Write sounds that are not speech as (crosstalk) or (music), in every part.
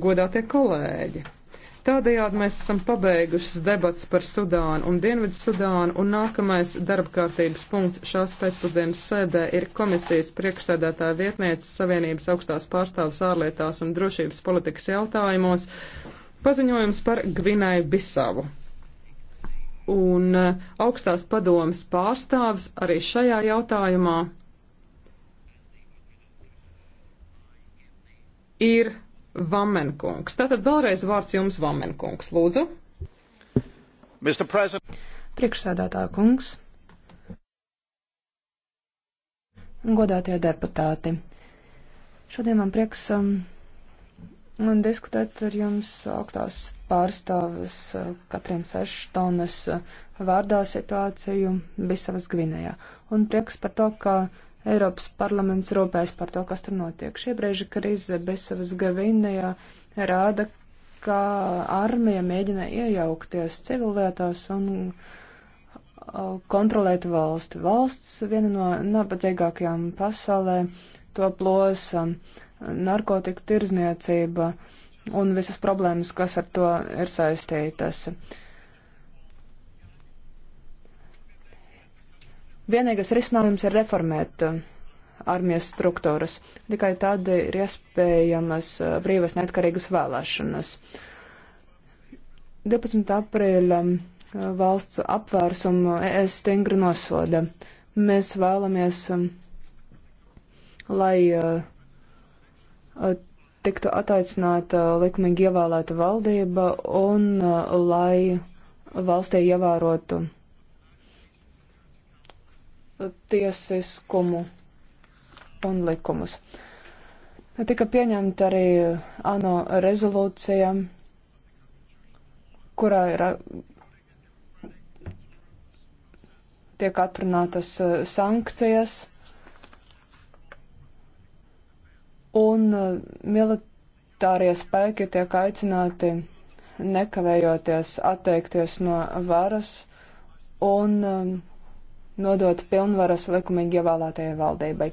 godātie kolēģi! Tādējādi mēs esam pabeigušas debats par Sudānu un Dienvidu Sudānu, un nākamais darba kārtības punkts šās pēcpusdienas sēdē ir komisijas priekšsēdētāja vietnieces Savienības augstās pārstāvas ārlietās un drošības politikas jautājumos paziņojums par Gvinai Bisavu. Un eh, augstās padomas pārstāvis arī šajā jautājumā ir Vamenkungs. Tātad vēlreiz vārds jums, Vamenkungs. Lūdzu. Priekšsēdētā kungs. Godātie deputāti. Šodien man prieks um, un diskutēt ar jums augstās pārstāvis uh, Katrīnas Eštonas uh, vārdā situāciju Bisavas Gvinējā. Un prieks par to, ka Eiropas parlaments rūpēs par to, kas tur notiek. Šie brīži krize Besavas Gavinajā rāda, ka armija mēģina iejaukties civillietās un uh, kontrolēt valsti. Valsts viena no nabadzīgākajām pasaulē to plosa um, narkotiku tirzniecība un visas problēmas, kas ar to ir saistītas. Uh, Vienīgais risinājums ir reformēt uh, armijas struktūras. Tikai tad ir iespējamas uh, brīvas neatkarīgas vēlēšanas. 12. aprīļa um, valsts apvērsumu es stingri nosoda. Mēs vēlamies, um, lai uh, tiktu attaicināta likumīgi ievēlēta valdība un lai valstī ievērotu tiesiskumu un likumus. Tika pieņemta arī ANO rezolūcija, kurā ir tiek atrunātas e, sankcijas un e, militārie spēki tiek aicināti nekavējoties atteikties no varas un e, nodot pilnvaras likumīgi ievēlētajai valdībai.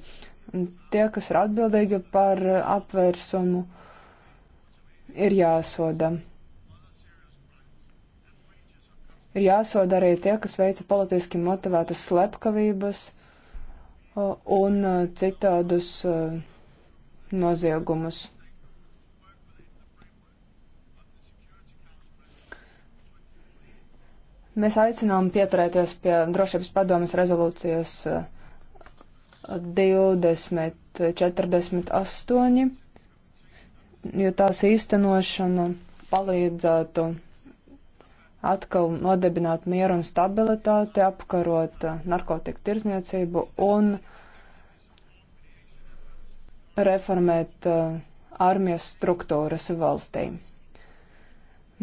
Tie, kas ir atbildīgi par apvērsumu, ir jāsoda. Ir jāsoda arī tie, kas veica politiski motivētas slepkavības uh, un uh, citādus uh, noziegumus. Mēs aicinām pieturēties pie drošības padomas rezolūcijas 2048, eh, jo tās īstenošana palīdzētu atkal nodibināt mieru un stabilitāti, apkarot eh, narkotiku tirzniecību un reformēt eh, armijas struktūras valstī.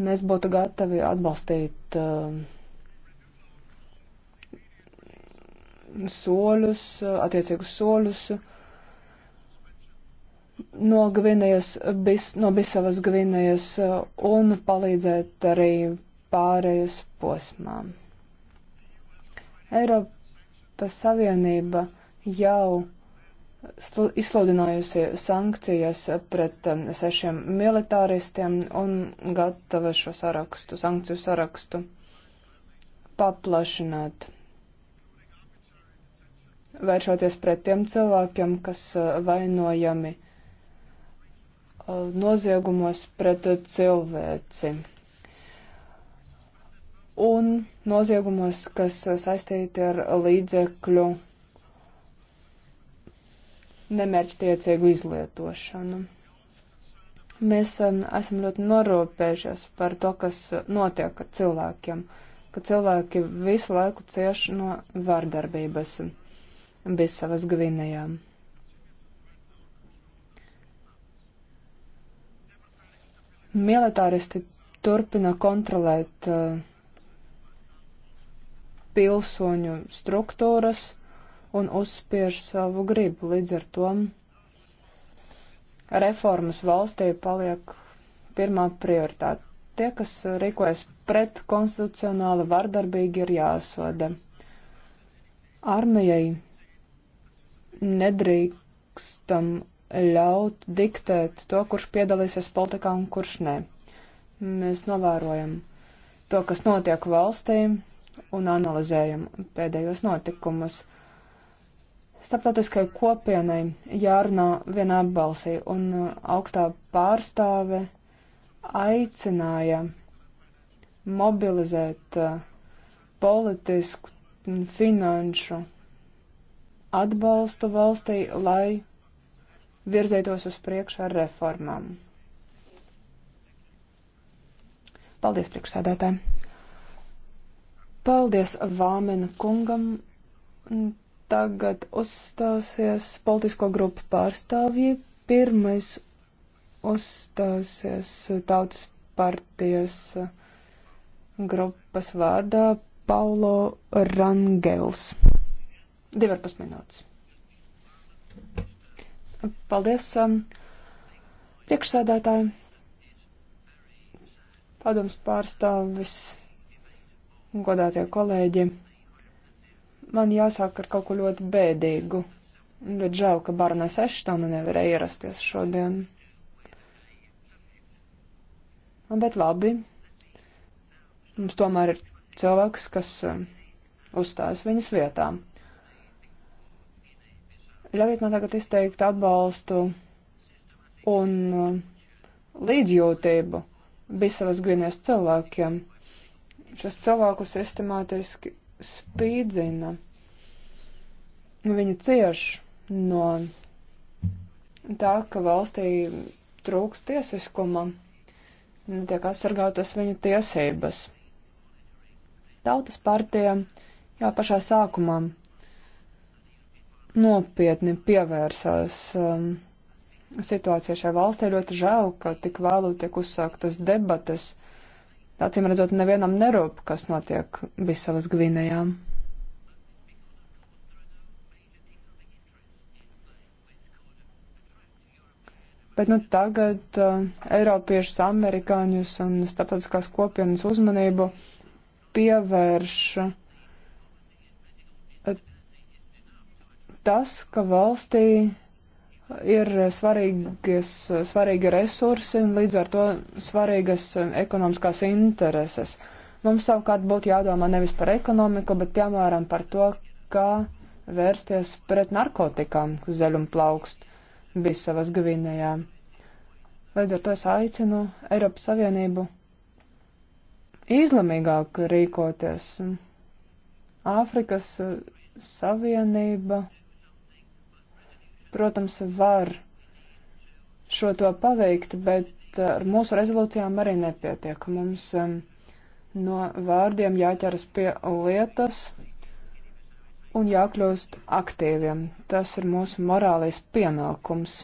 Mēs būtu gatavi atbalstīt uh, soļus, attiecīgus soļus no Gvinējas, bis, no Bisavas Gvinējas un palīdzēt arī pārējus posmām. Eiropas Savienība jau izsludinājusi sankcijas pret um, sešiem militāristiem un gatava šo sarakstu, sankciju sarakstu paplašināt vēršoties pret tiem cilvēkiem, kas vainojami noziegumos pret cilvēci. Un noziegumos, kas saistīti ar līdzekļu nemērķtiecīgu izlietošanu. Mēs um, esam ļoti norūpējušies par to, kas notiek ar cilvēkiem, ka cilvēki visu laiku cieš no vārdarbības. Um, Bisavas Gvinējā. Militāristi turpina kontrolēt uh, pilsoņu struktūras un uzspiež savu gribu. Līdz ar to reformas valstī paliek pirmā prioritāte. Tie, kas rīkojas pret konstitucionāli vardarbīgi, ir jāsoda. Armijai nedrīkstam ļaut diktēt to, kurš piedalīsies politikā un kurš nē. Mēs novērojam to, kas notiek valstī un analizējam pēdējos notikumus. Starptautiskai kopienai jārunā vienā balsī, un uh, augstā pārstāve aicināja mobilizēt uh, politisku un finanšu atbalstu valstī, lai virzētos uz priekšu ar reformām. Paldies, priekšsēdētāji! Paldies Vāmena kungam! Tagad uzstāsies politisko grupu pārstāvji. Pirmais uzstāsies tautas partijas grupas vārdā Paulo Rangels. Divi ar pus minūtes. Paldies um, priekšsēdētāji. Padoms pārstāvis, godātie kolēģi. Man jāsāk ar kaut ko ļoti bēdīgu. Bet žēl, ka Barnes Eštona nevarēja ierasties šodien. Bet labi. Mums tomēr ir cilvēks, kas um, uzstājas viņas vietām. Ļaujiet man tagad izteikt atbalstu un uh, līdzjūtību Bisavas Gvinējas cilvēkiem. Šos cilvēkus sistemātiski spīdzina. Viņi cieš no tā, ka valstī trūks tiesiskuma, netiek aizsargātas viņu tiesības. Tautas partija jau pašā sākumā nopietni pievērsās um, situācijai šajā valstī. Ļoti žēl, ka tik vēlu tiek uzsāktas debates. Acīm redzot, nevienam nerūp, kas notiek Bisavas Gvinējā. Bet nu, tagad uh, Eiropiešus, amerikāņus un starptautiskās kopienas uzmanību pievērš uh, tas, ka valstī ir svarīgas, svarīgi resursi un līdz ar to svarīgas ekonomiskās intereses. Mums savukārt būtu jādomā nevis par ekonomiku, bet piemēram par to, kā vērsties pret narkotikām, kas zaļum plaukst visavas gavinējā. Līdz ar to es aicinu Eiropas Savienību izlemīgāk rīkoties. Āfrikas Savienība protams, var šo to paveikt, bet eh, ar mūsu rezolūcijām arī nepietiek. Mums um, no vārdiem jāķeras pie lietas un jākļūst aktīviem. Tas ir mūsu morālais pienākums.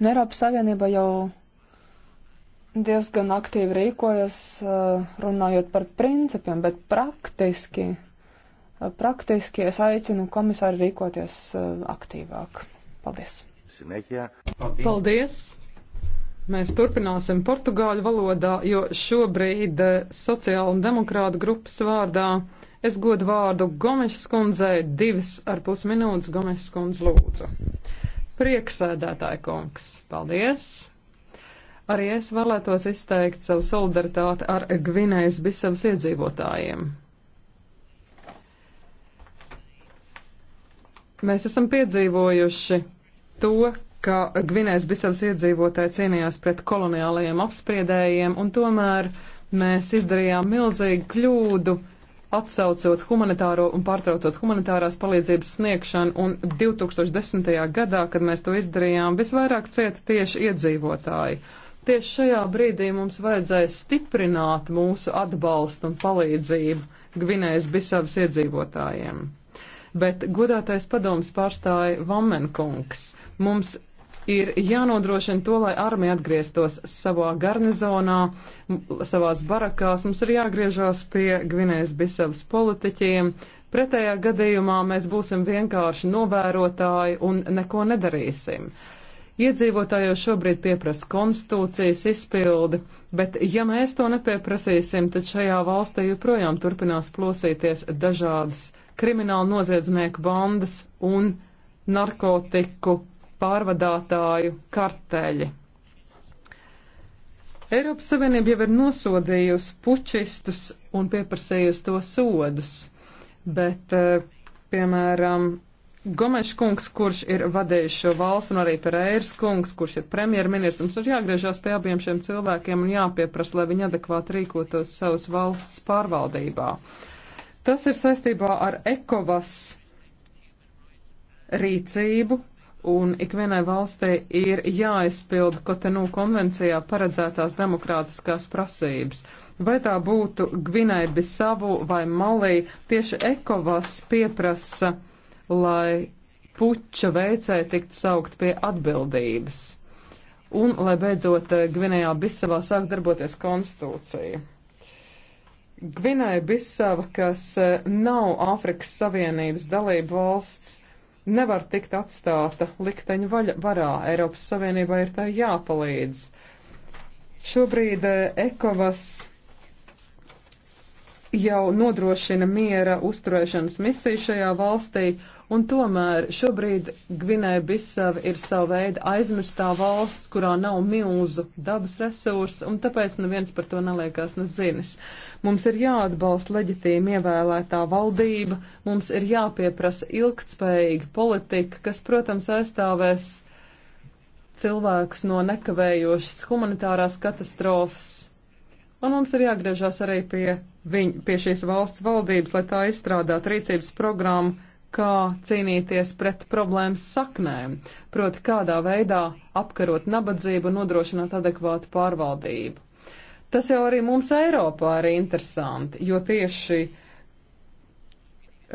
Un Eiropas Savienība jau diezgan aktīvi rīkojas, eh, runājot par principiem, bet praktiski praktiski es aicinu komisāru rīkoties eh, aktīvāk. Paldies! Paldies! Paldies. Mēs turpināsim portugāļu valodā, jo šobrīd eh, sociāla un demokrāta grupas vārdā es godu vārdu Gomešas kundzei divas ar pus minūtes Gomešas kundz lūdzu. Prieksēdētāji kungs, paldies! Arī es vēlētos izteikt savu solidaritāti ar Gvinējas Bisavas iedzīvotājiem. Mēs esam piedzīvojuši to, ka Gvinējas Bisavas iedzīvotāji cīnījās pret koloniālajiem apspriedējiem, un tomēr mēs izdarījām milzīgu kļūdu, atsaucot humanitāro un pārtraucot humanitārās palīdzības sniegšanu, un 2010. gadā, kad mēs to izdarījām, visvairāk cieta tieši iedzīvotāji. Tieši šajā brīdī mums vajadzēja stiprināt mūsu atbalstu un palīdzību Gvinējas Bisavas iedzīvotājiem bet godātais padoms pārstāja Vamenkungs. Mums ir jānodrošina to, lai armija atgrieztos savā garnizonā, savās barakās. Mums ir jāgriežās pie Gvinējas Bisevas politiķiem. Pretējā gadījumā mēs būsim vienkārši novērotāji un neko nedarīsim. Iedzīvotāji jau šobrīd pieprasa konstitūcijas izpildi, bet ja mēs to nepieprasīsim, tad šajā valstī joprojām turpinās plosīties dažādas kriminālu noziedznieku bandas un narkotiku pārvadātāju karteļi. Eiropas Savienība jau ir nosodījusi pučistus un pieprasījusi to sodus, bet, eh, piemēram, Gomeša kungs, kurš ir vadījis šo valsts, un arī Pereiras kungs, kurš ir premjerministrs, mums ir jāgriežās pie abiem šiem cilvēkiem un jāpieprasa, lai viņi adekvāti rīkotos savas valsts pārvaldībā. Uh, Tas ir saistībā ar ekovas rīcību, un ikvienai valstī ir jāizpilda Kotenu konvencijā paredzētās demokrātiskās prasības. Vai tā būtu Gvinai Bisavu vai Malī, tieši ekovas pieprasa, lai puča veicēji tiktu saukt pie atbildības. Un, lai beidzot, Gvinējā Bisavā sāk darboties konstitūcija. Gvinēja Bisava, kas e, nav Āfrikas Savienības dalība valsts, nevar tikt atstāta likteņu varā. Eiropas Savienībai ir tai jāpalīdz. Šobrīd e, Ekovas jau nodrošina miera uzturēšanas misiju šajā valstī, un tomēr šobrīd Gvinēja Bisava ir sava veida aizmirstā valsts, kurā nav milzu dabas resursu, un tāpēc neviens par to neliekās nezinis. Mums ir jāatbalsta leģitīmi ievēlētā valdība, mums ir jāpieprasa ilgtspējīga politika, kas, protams, aizstāvēs cilvēkus no nekavējošas humanitārās katastrofas un mums ir jāgriežās arī pie, viņ, pie šīs valsts valdības, lai tā izstrādātu rīcības programmu, kā cīnīties pret problēmas saknēm, proti kādā veidā apkarot nabadzību un nodrošināt adekvātu pārvaldību. Tas jau arī mums Eiropā ir interesanti, jo tieši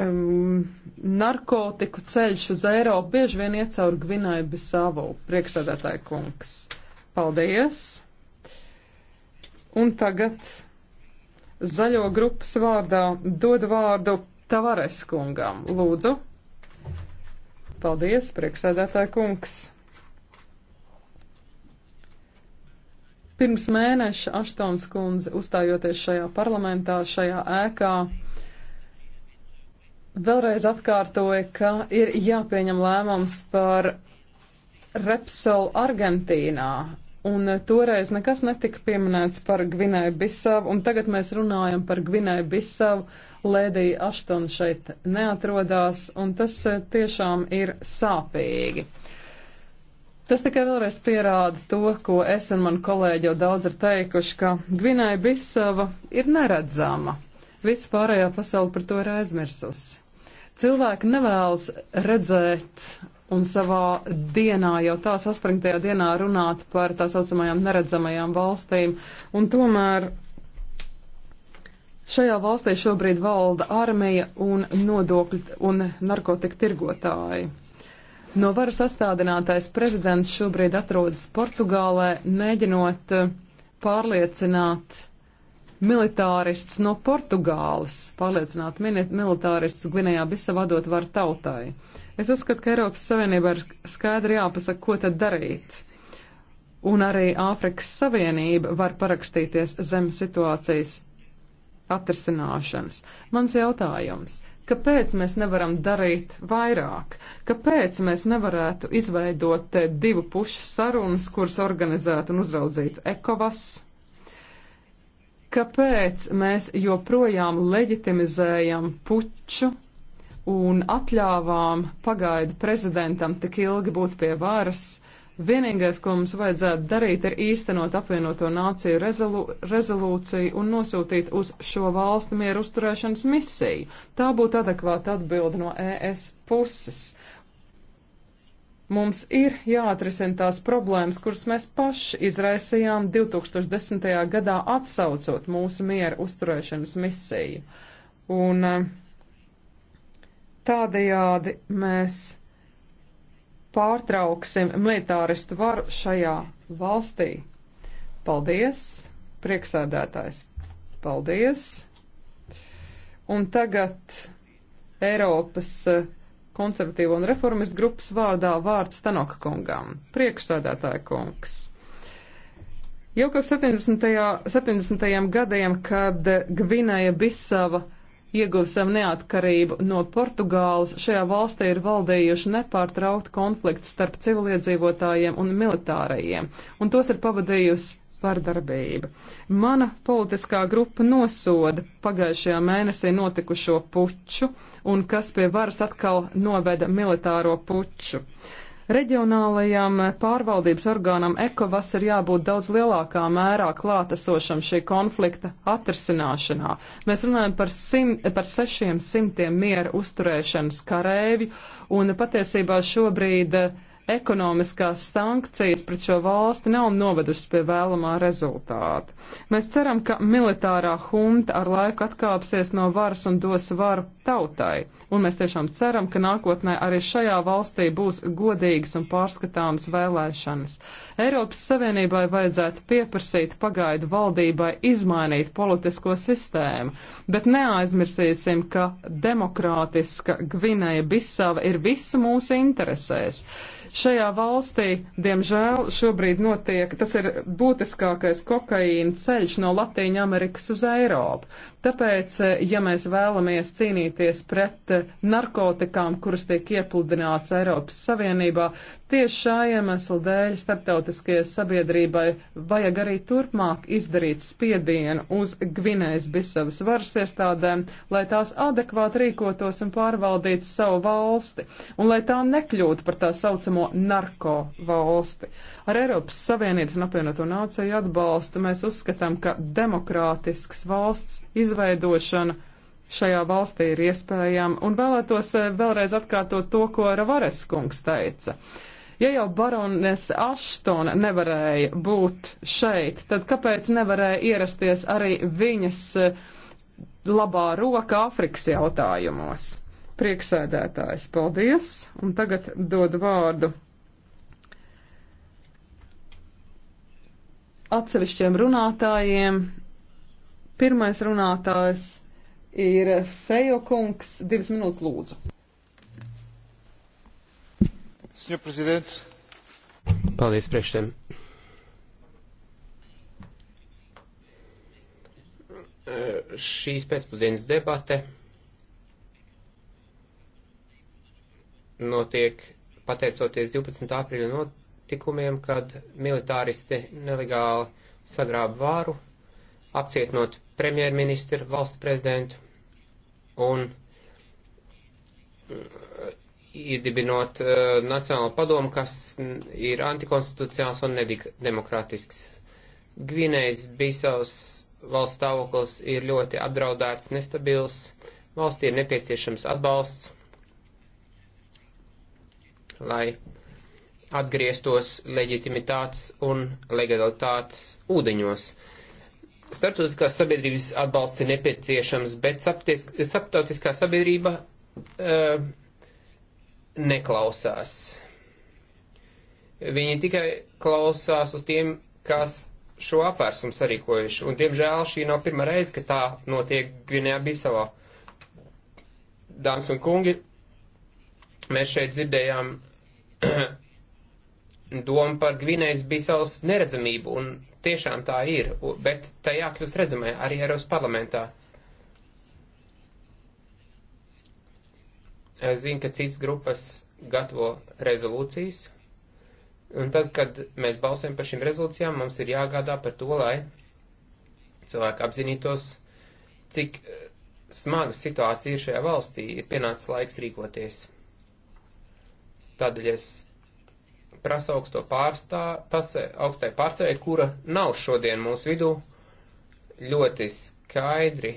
um, narkotiku ceļš uz Eiropu bieži vien iet caur Gvinai Bisavu, priekšsēdētāja kungs. Paldies! Un tagad zaļo grupas vārdā dod vārdu Tavares kungam. Lūdzu. Paldies, prieksēdētāja kungs. Pirms mēneša Aštons kundze uzstājoties šajā parlamentā, šajā ēkā, vēlreiz atkārtoja, ka ir jāpieņem lēmums par Repsol Argentīnā un eh, toreiz nekas netika pieminēts par Gvinēju Bisavu, un tagad mēs runājam par Gvinēju Bisavu. Lēdija Aštona šeit neatrodās, un tas eh, tiešām ir sāpīgi. Tas tikai vēlreiz pierāda to, ko es un man kolēģi jau daudz ir teikuši, ka Gvinēja Bisava ir neredzama. Viss pārējā pasaule par to ir aizmirsusi. Cilvēki nevēlas redzēt un savā dienā, jau tā saspringtajā dienā runāt par tā saucamajām neredzamajām valstīm. Un tomēr šajā valstī šobrīd valda armija un nodokļu un narkotika tirgotāji. No varu sastādinātais prezidents šobrīd atrodas Portugālē, mēģinot pārliecināt militārists no Portugāles, pārliecināt militārists Gvinējā Bisavā dot varu tautai. Es uzskatu, ka Eiropas Savienībā ir skaidri jāpasaka, ko tad darīt. Un arī Āfrikas Savienība var parakstīties zem situācijas atrisināšanas. Mans jautājums kāpēc mēs nevaram darīt vairāk, kāpēc mēs nevarētu izveidot divu pušu sarunas, kuras organizētu un uzraudzītu ECOVAS, Kāpēc mēs joprojām leģitimizējam puču un atļāvām pagaidu prezidentam tik ilgi būt pie varas? Vienīgais, ko mums vajadzētu darīt, ir īstenot apvienoto nāciju rezolū rezolūciju un nosūtīt uz šo valstu mieru uzturēšanas misiju. Tā būtu adekvāta atbilde no ES puses. Mums ir jāatrisina tās problēmas, kuras mēs paši izraisījām 2010. gadā atsaucot mūsu miera uzturēšanas misiju. Un eh, tādējādi mēs pārtrauksim militāristu varu šajā valstī. Paldies, prieksēdētājs. Paldies. Un tagad Eiropas uh, konservatīvo un reformistu grupas vārdā vārds Tanoka kungam. Priekšsēdētāja kungs. Jau kopš 70. 70. gadiem, kad Gvinēja Bisava ieguva savu neatkarību no Portugāles, šajā valstī ir valdējuši nepārtraukti konflikti starp civiliedzīvotājiem un militārajiem, un tos ir pavadījusi vardarbība. Mana politiskā grupa nosoda pagājušajā mēnesī notikušo puču un kas pie varas atkal noveda militāro puču. Reģionālajam pārvaldības orgānam ECOVAS ir jābūt daudz lielākā mērā klātesošam šī konflikta atrisināšanā. Mēs runājam par, sim, par sešiem simtiem miera uzturēšanas karēvi, un patiesībā šobrīd uh, ekonomiskās sankcijas pret šo valsti nav novedušas pie vēlamā rezultāta. Mēs ceram, ka militārā hunta ar laiku atkāpsies no varas un dos varu tautai, un mēs tiešām ceram, ka nākotnē arī šajā valstī būs godīgas un pārskatāmas vēlēšanas. Eiropas Savienībai vajadzētu pieprasīt pagaidu valdībai izmainīt politisko sistēmu, bet neaizmirsīsim, ka demokrātiska Gvineja Bisava ir visu mūsu interesēs. Šajā valstī, diemžēl, šobrīd notiek, tas ir būtiskākais kokaīna ceļš no Latīņa Amerikas uz Eiropu. Tāpēc, eh, ja mēs vēlamies cīnīties pret eh, narkotikām, kuras tiek iepludināts Eiropas Savienībā, tieši šā iemesla dēļ starptautiskajai sabiedrībai vajag arī turpmāk izdarīt spiedienu uz Gvinējas Bisavas varas iestādēm, lai tās adekvāti rīkotos un pārvaldītu savu valsti, un lai tā nekļūtu par tā saucamo narko valsti. Ar Eiropas Savienības un apvienoto nāciju atbalstu mēs uzskatām, ka demokrātisks valsts izvēlēšanās izveidošana šajā valstī ir iespējama, un vēlētos eh, vēlreiz atkārtot to, ko Ravares kungs teica. Ja jau baronese Aštona nevarēja būt šeit, tad kāpēc nevarēja ierasties arī viņas eh, labā roka Āfrikas jautājumos? Prieksēdētājs, paldies, un tagad dod vārdu atsevišķiem runātājiem, Pirmais runātājs ir Fejo kungs. Divas minūtes lūdzu. Sr. Prezidents. Paldies priekšsēm. Šīs pēcpusdienas debate notiek pateicoties 12. aprīļa notikumiem, kad militāristi nelegāli sagrāba vāru apcietinot premjerministru, valsts prezidentu un mm, iedibinot uh, Nacionālo padomu, kas ir antikonstitucionāls un nedemokrātisks. Gvinējas Bisavs valsts stāvoklis ir ļoti apdraudēts, nestabils, valstī ir nepieciešams atbalsts, lai atgrieztos leģitimitātes un legalitātes ūdeņos starptautiskās sabiedrības atbalsts ir nepieciešams, bet starptautiskā sabiedrība uh, neklausās. Viņi tikai klausās uz tiem, kas šo apvērsumu sarīkojuši, un, diemžēl, šī nav pirmā reize, ka tā notiek Gvinējā Bisavā. Dāmas un kungi, mēs šeit dzirdējām (clears throat) doma par Gvinējas Bisavas neredzamību, un tiešām tā ir, bet tā jākļūst redzamai arī Eiropas parlamentā. Es zinu, ka citas grupas gatavo rezolūcijas, un tad, kad mēs balsojam par šīm rezolūcijām, mums ir jāgādā par to, lai cilvēki apzinītos, cik smaga situācija ir šajā valstī, ir pienācis laiks rīkoties. Tādēļ es prasa augsto pārstā, pase, augstai pārstāvē, kura nav šodien mūsu vidū, ļoti skaidri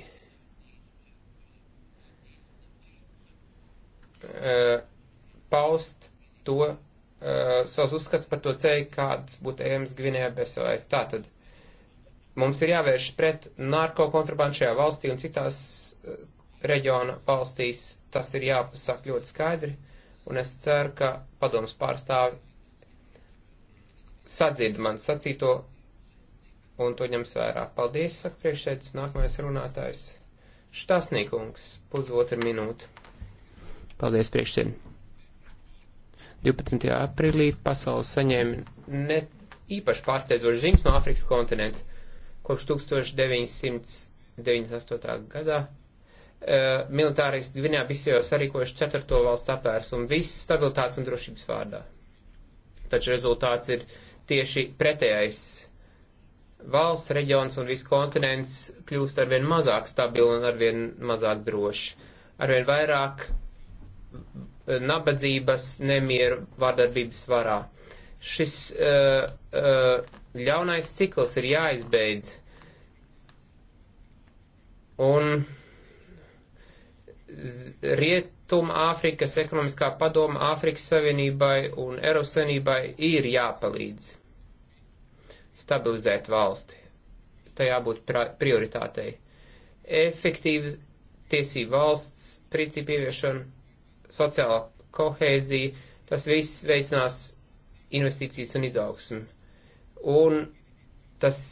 uh, paust to uh, savus uzskats par to ceļu, kāds būtu ejams Gvinējā Besavē. Tātad mums ir jāvērš pret narko kontrabandu šajā valstī un citās uh, reģiona valstīs. Tas ir jāpasaka ļoti skaidri, un es ceru, ka padoms pārstāvi sadzird man sacīto un to ņems vērā. Paldies, saka priekšsēdus, nākamais runātājs. Štasnīkungs, pusotru minūtu. Paldies, priekšsēd. 12. aprīlī pasaules saņēma ne īpaši pārsteidzoši ziņas no Āfrikas kontinenta. Kopš 1998. gadā Uh, militāristi Gvinējā visi jau sarīkojuši ceturto valsts apvērs un viss stabilitātes un drošības vārdā. Taču rezultāts ir uh, tieši pretējais valsts reģions un viss kontinents kļūst arvien mazāk stabili un arvien mazāk droši. Arvien vairāk nabadzības, nemieru, vardarbības varā. Šis uh, uh, ļaunais cikls ir jāizbeidz. Un Rietuma Āfrikas ekonomiskā padoma Āfrikas Savienībai un Eiropas Savienībai ir jāpalīdz stabilizēt valsti. Tā jābūt prioritātei. Efektīva tiesība valsts, principu ieviešana, sociālā kohēzija, tas viss veicinās investīcijas un izaugsmu. Un tas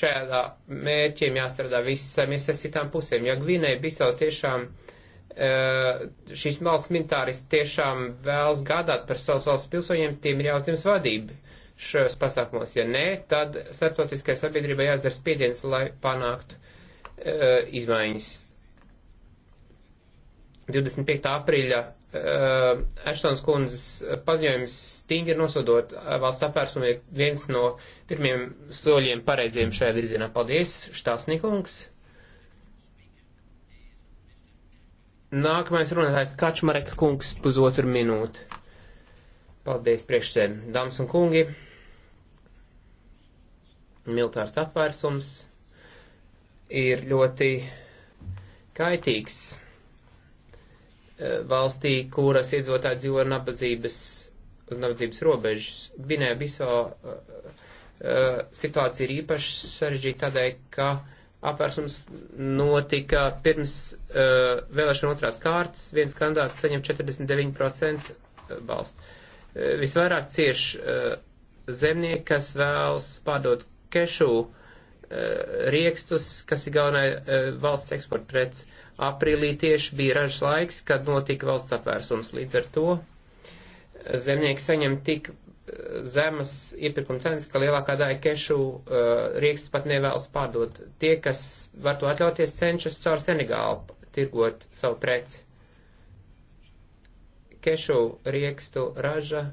šajā mērķiem jāstrādā visam iesaistītām pusēm. Ja Gvinēja Bisau tiešām uh, Eh, šīs valsts militāristi tiešām vēlas gādāt par savas valsts pilsoņiem, tiem ir jāuzņems vadība šajos pasākumos. Ja nē, tad starptautiskai sabiedrībai jāizdara spiediens, lai panāktu uh, izmaiņas. 25. aprīļa uh, eh, Ashtons kundzes paziņojums stingri nosodot valsts apvērsumu ir viens no pirmiem soļiem pareiziem šajā virzienā. Paldies, Štāsnikungs! Nākamais runātājs Kačmarek kungs pusotru minūti. Paldies priekšsēm, dāmas un kungi. Militārs apvērsums ir ļoti kaitīgs eh, valstī, kuras iedzīvotāji dzīvo nabadzības, uz nabadzības robežas. Gvinējā Biso uh, uh, situācija ir īpaši sarežģīta tādēļ, ka uh, apvērsums notika pirms uh, vēlēšana otrās kārtas, viens kandidāts saņem 49% eh, balstu. Uh, visvairāk cieš uh, zemnieki, kas vēlas pārdot kešu uh, riekstus, kas ir galvenai uh, valsts eksporta preci. Aprīlī tieši bija ražas laiks, kad notika valsts apvērsums līdz ar to zemnieki saņem tik zemas iepirkuma cenas, ka lielākā daļa kešu uh, eh, rīkstas pat nevēlas pārdot. Tie, kas var to atļauties, cenšas caur Senegālu tirgot savu preci. Kešu riekstu raža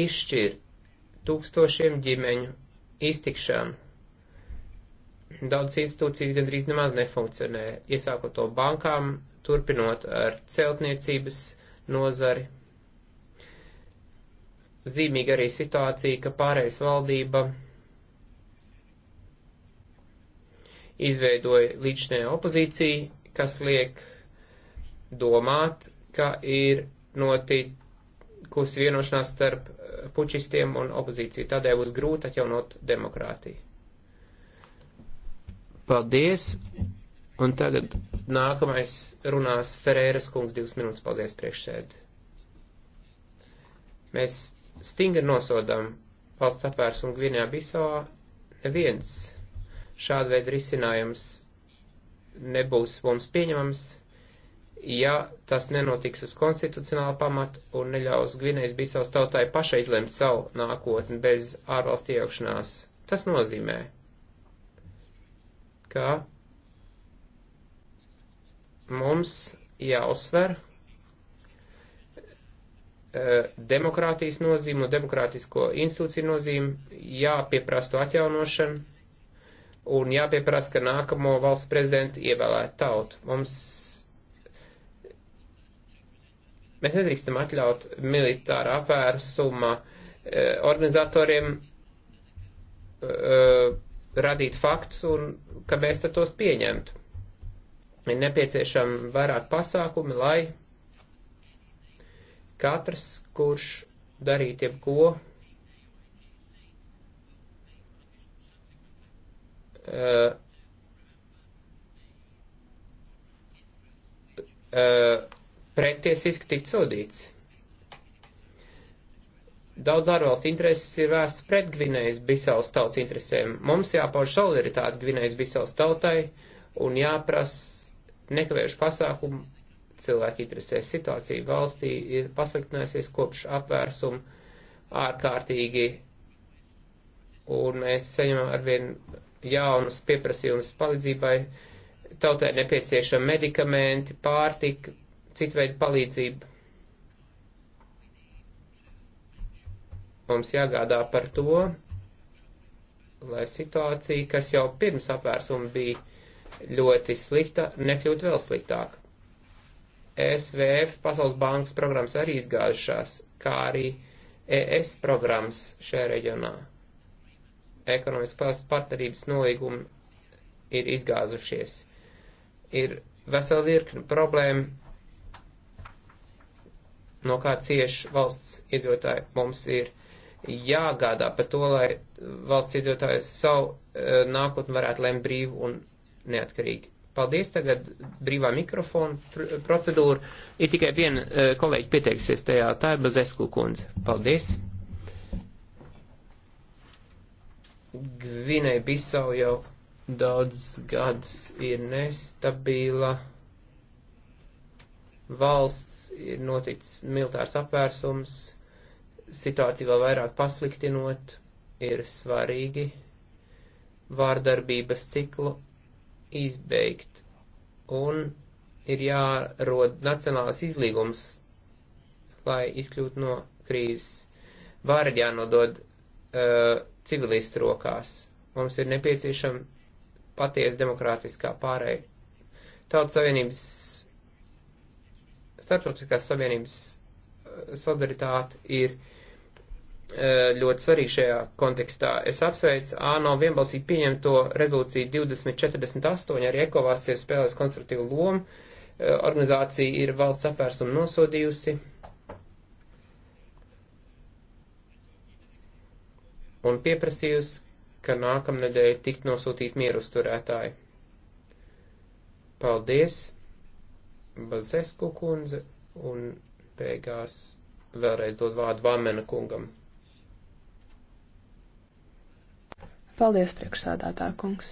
izšķir tūkstošiem ģimeņu iztikšanu. Daudz institūcijas gandrīz nemaz nefunkcionē, iesākot to bankām, turpinot ar celtniecības nozari, zīmīga arī situācija, ka pārējais valdība izveidoja līdšanai opozīciju, kas liek domāt, ka ir notikusi vienošanās starp eh, pučistiem un opozīciju. Tādēļ būs grūti atjaunot demokrātiju. Paldies! Un tagad nākamais runās Ferēras kungs divas minūtes. Paldies priekšsēdi. Mēs stingri nosodām valsts apvērsuma Gvinējā Bisovā. Neviens šāda veida risinājums nebūs mums pieņemams, ja tas nenotiks uz konstitucionāla pamata un neļaus Gvinējas Bisovas tautai pašai izlemt savu nākotni bez ārvalstu iejaukšanās. Tas nozīmē, ka mums jāuzsver, Eh, demokrātijas nozīmu un demokrātisko institūciju nozīmu, jāpieprasa to atjaunošanu un jāpieprasa, ka nākamo valsts prezidentu ievēlētu tautu. Mums mēs nedrīkstam atļaut militāra apvērsuma eh, organizatoriem eh, radīt faktus un ka mēs tad tos pieņemtu. Ir nepieciešami vairāk pasākumi, lai Katrs, kurš darīt jebko, Uh, uh, pretiesiski tikt sodīts. Daudz ārvalstu intereses ir vērsts pret Gvinējas Bisaus tautas interesēm. Mums jāpauž solidaritāte Gvinējas Bisaus tautai un jāprasa nekavējuši pasākumu cilvēki interesē. Situācija valstī ir pasliktinājusies kopš apvērsuma ārkārtīgi, un mēs saņemam arvien jaunus pieprasījumus palīdzībai. Tautai nepieciešami medikamenti, pārtika, citveida palīdzība. Mums jāgādā par to, lai situācija, kas jau pirms apvērsuma bija ļoti slikta, nekļūtu vēl sliktāk. SVF Pasaules bankas programmas arī izgājušās, kā arī ES programmas šajā reģionā. Ekonomiskās partnerības nolīgumi ir izgāzušies. Ir vesela virkni problēma, no kā cieši valsts iedzīvotāji mums ir jāgādā par to, lai valsts iedzīvotāji savu e, nākotni varētu lemt brīvi un neatkarīgi. Paldies, tagad brīvā mikrofona pr procedūra. Ir tikai viena uh, e, kolēģi pieteiksies tajā, tā ir Bazesku kundze. Paldies. Gvinai Bisau jau daudz gads ir nestabila. Valsts ir noticis militārs apvērsums, situācija vēl vairāk pasliktinot, ir svarīgi vārdarbības ciklu izbeigt. Un ir jārod nacionālās izlīgums, lai izkļūtu no krīzes. Vāra ir jānodod uh, civilistu rokās. Mums ir nepieciešama patiesa demokrātiskā pārēja. Tautas savienības, starptautiskās savienības uh, solidaritāte ir Eh, ļoti svarīgi šajā kontekstā. Es apsveicu ANO vienbalsīgi pieņemto rezolūciju 2048, arī ECOVAS ir spēlējis konstruktīvu lomu, eh, organizācija ir valsts apvērsumu nosodījusi. Un pieprasījusi, ka nākamnedēļ tikt nosūtīt mierusturētāji. Paldies, Bazesku kundze, un beigās vēlreiz dod vārdu Vamena kungam. Paldies, priekšsādātā kungs.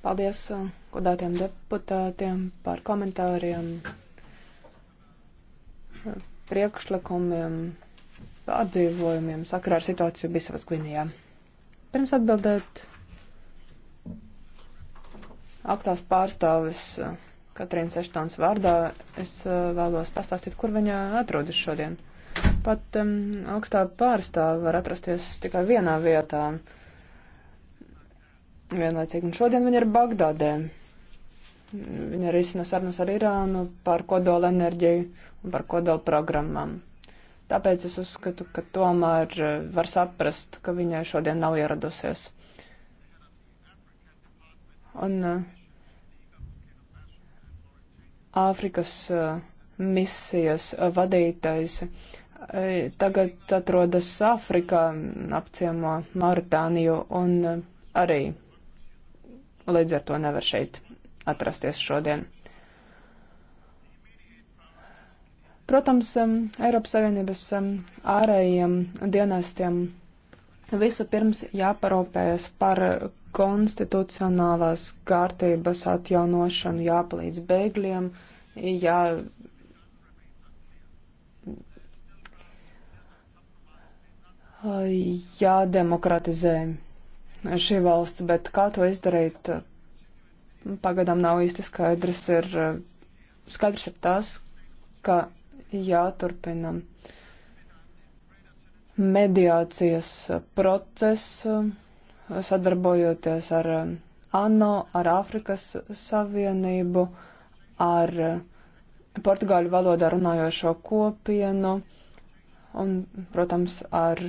Paldies uh, godātiem deputātiem par komentāriem, uh, priekšlikumiem, atdzīvojumiem sakarā ar situāciju Bisavas Gvinijā. Pirms atbildēt, aktās pārstāvis uh, Katrīnas Eštons vārdā, es vēlos pastāstīt, kur viņa atrodas šodien. Pat um, augstā pārstāve var atrasties tikai vienā vietā. Uh, vienlaicīgi. Un šodien viņi ir Bagdādē. Viņi arī izsina sarunas ar Irānu par kodola enerģiju un par kodola programmām. Tāpēc es uzskatu, ka tomēr eh, var saprast, ka viņai šodien nav ieradusies. Un eh, Āfrikas eh, misijas vadītais tagad atrodas Āfrikā, apciemo Mauritāniju un arī līdz ar to nevar šeit atrasties šodien. Protams, um, Eiropas Savienības um, ārējiem dienestiem visu pirms jāparūpējas par konstitucionālās kārtības atjaunošanu, jāpalīdz bēgļiem, jā. jādemokratizē šī valsts, bet kā to izdarīt, pagadām nav īsti skaidrs. Ir, eh, skaidrs ir tas, ka jāturpina mediācijas procesu, sadarbojoties ar eh, ANO, ar Āfrikas Savienību, ar eh, portugāļu valodā runājošo kopienu un, protams, ar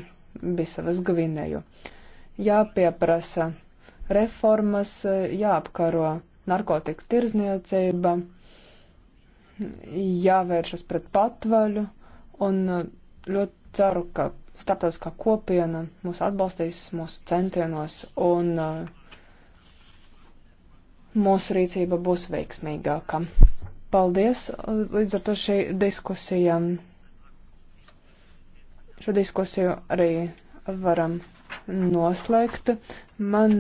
Bisavas Gvinēju. Uh, jāpieprasa reformas, jāapkaro narkotiku tirzniecība, jāvēršas pret patvaļu un ļoti ceru, ka starptautiskā kopiena mūs atbalstīs mūsu centienos un mūsu rīcība būs veiksmīgāka. Paldies līdz ar to šī diskusija. Šo diskusiju arī varam noslēgta. Man